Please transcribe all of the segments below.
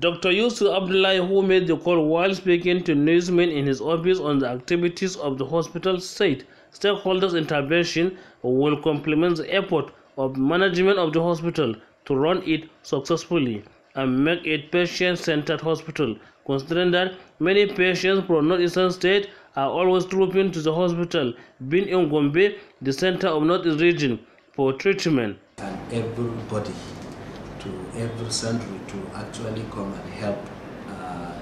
Dr. Yusuf Abdullahi, who made the call while speaking to newsmen in his office on the activities of the hospital, said stakeholders' intervention will complement the effort of management of the hospital to run it successfully and make it patient-centered hospital, considering that many patients from northeastern state are always trooping to the hospital, being in Gombe, the center of northeast region, for treatment. And everybody to every century to actually come and help uh,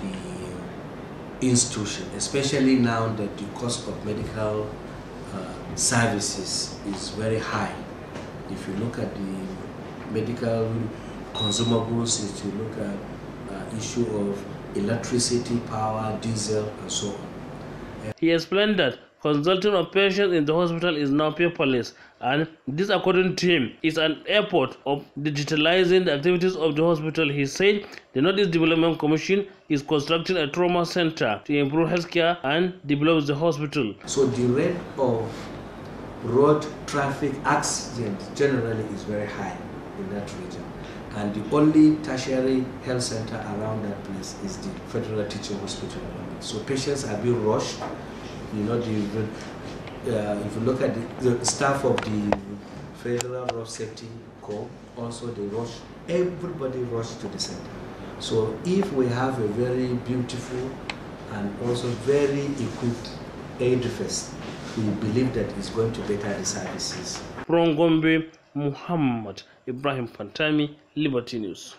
the institution, especially now that the cost of medical uh, services is very high. If you look at the medical consumables, if you look at uh, issue of electricity, power, diesel, and so on. He explained that consulting of patients in the hospital is now paperless and this according to him is an effort of digitalizing the activities of the hospital he said the northeast development commission is constructing a trauma center to improve healthcare and develop the hospital so the rate of road traffic accidents generally is very high in that region and the only tertiary health center around that place is the federal teaching hospital so patients are being rushed you know, uh, if you look at the, the, staff of the Federal Road Safety Corps, also they rush, everybody rush to the center. So if we have a very beautiful and also very equipped edifice, we believe that it's going to better the services. From Gombe, Muhammad Ibrahim Fantami, Liberty News.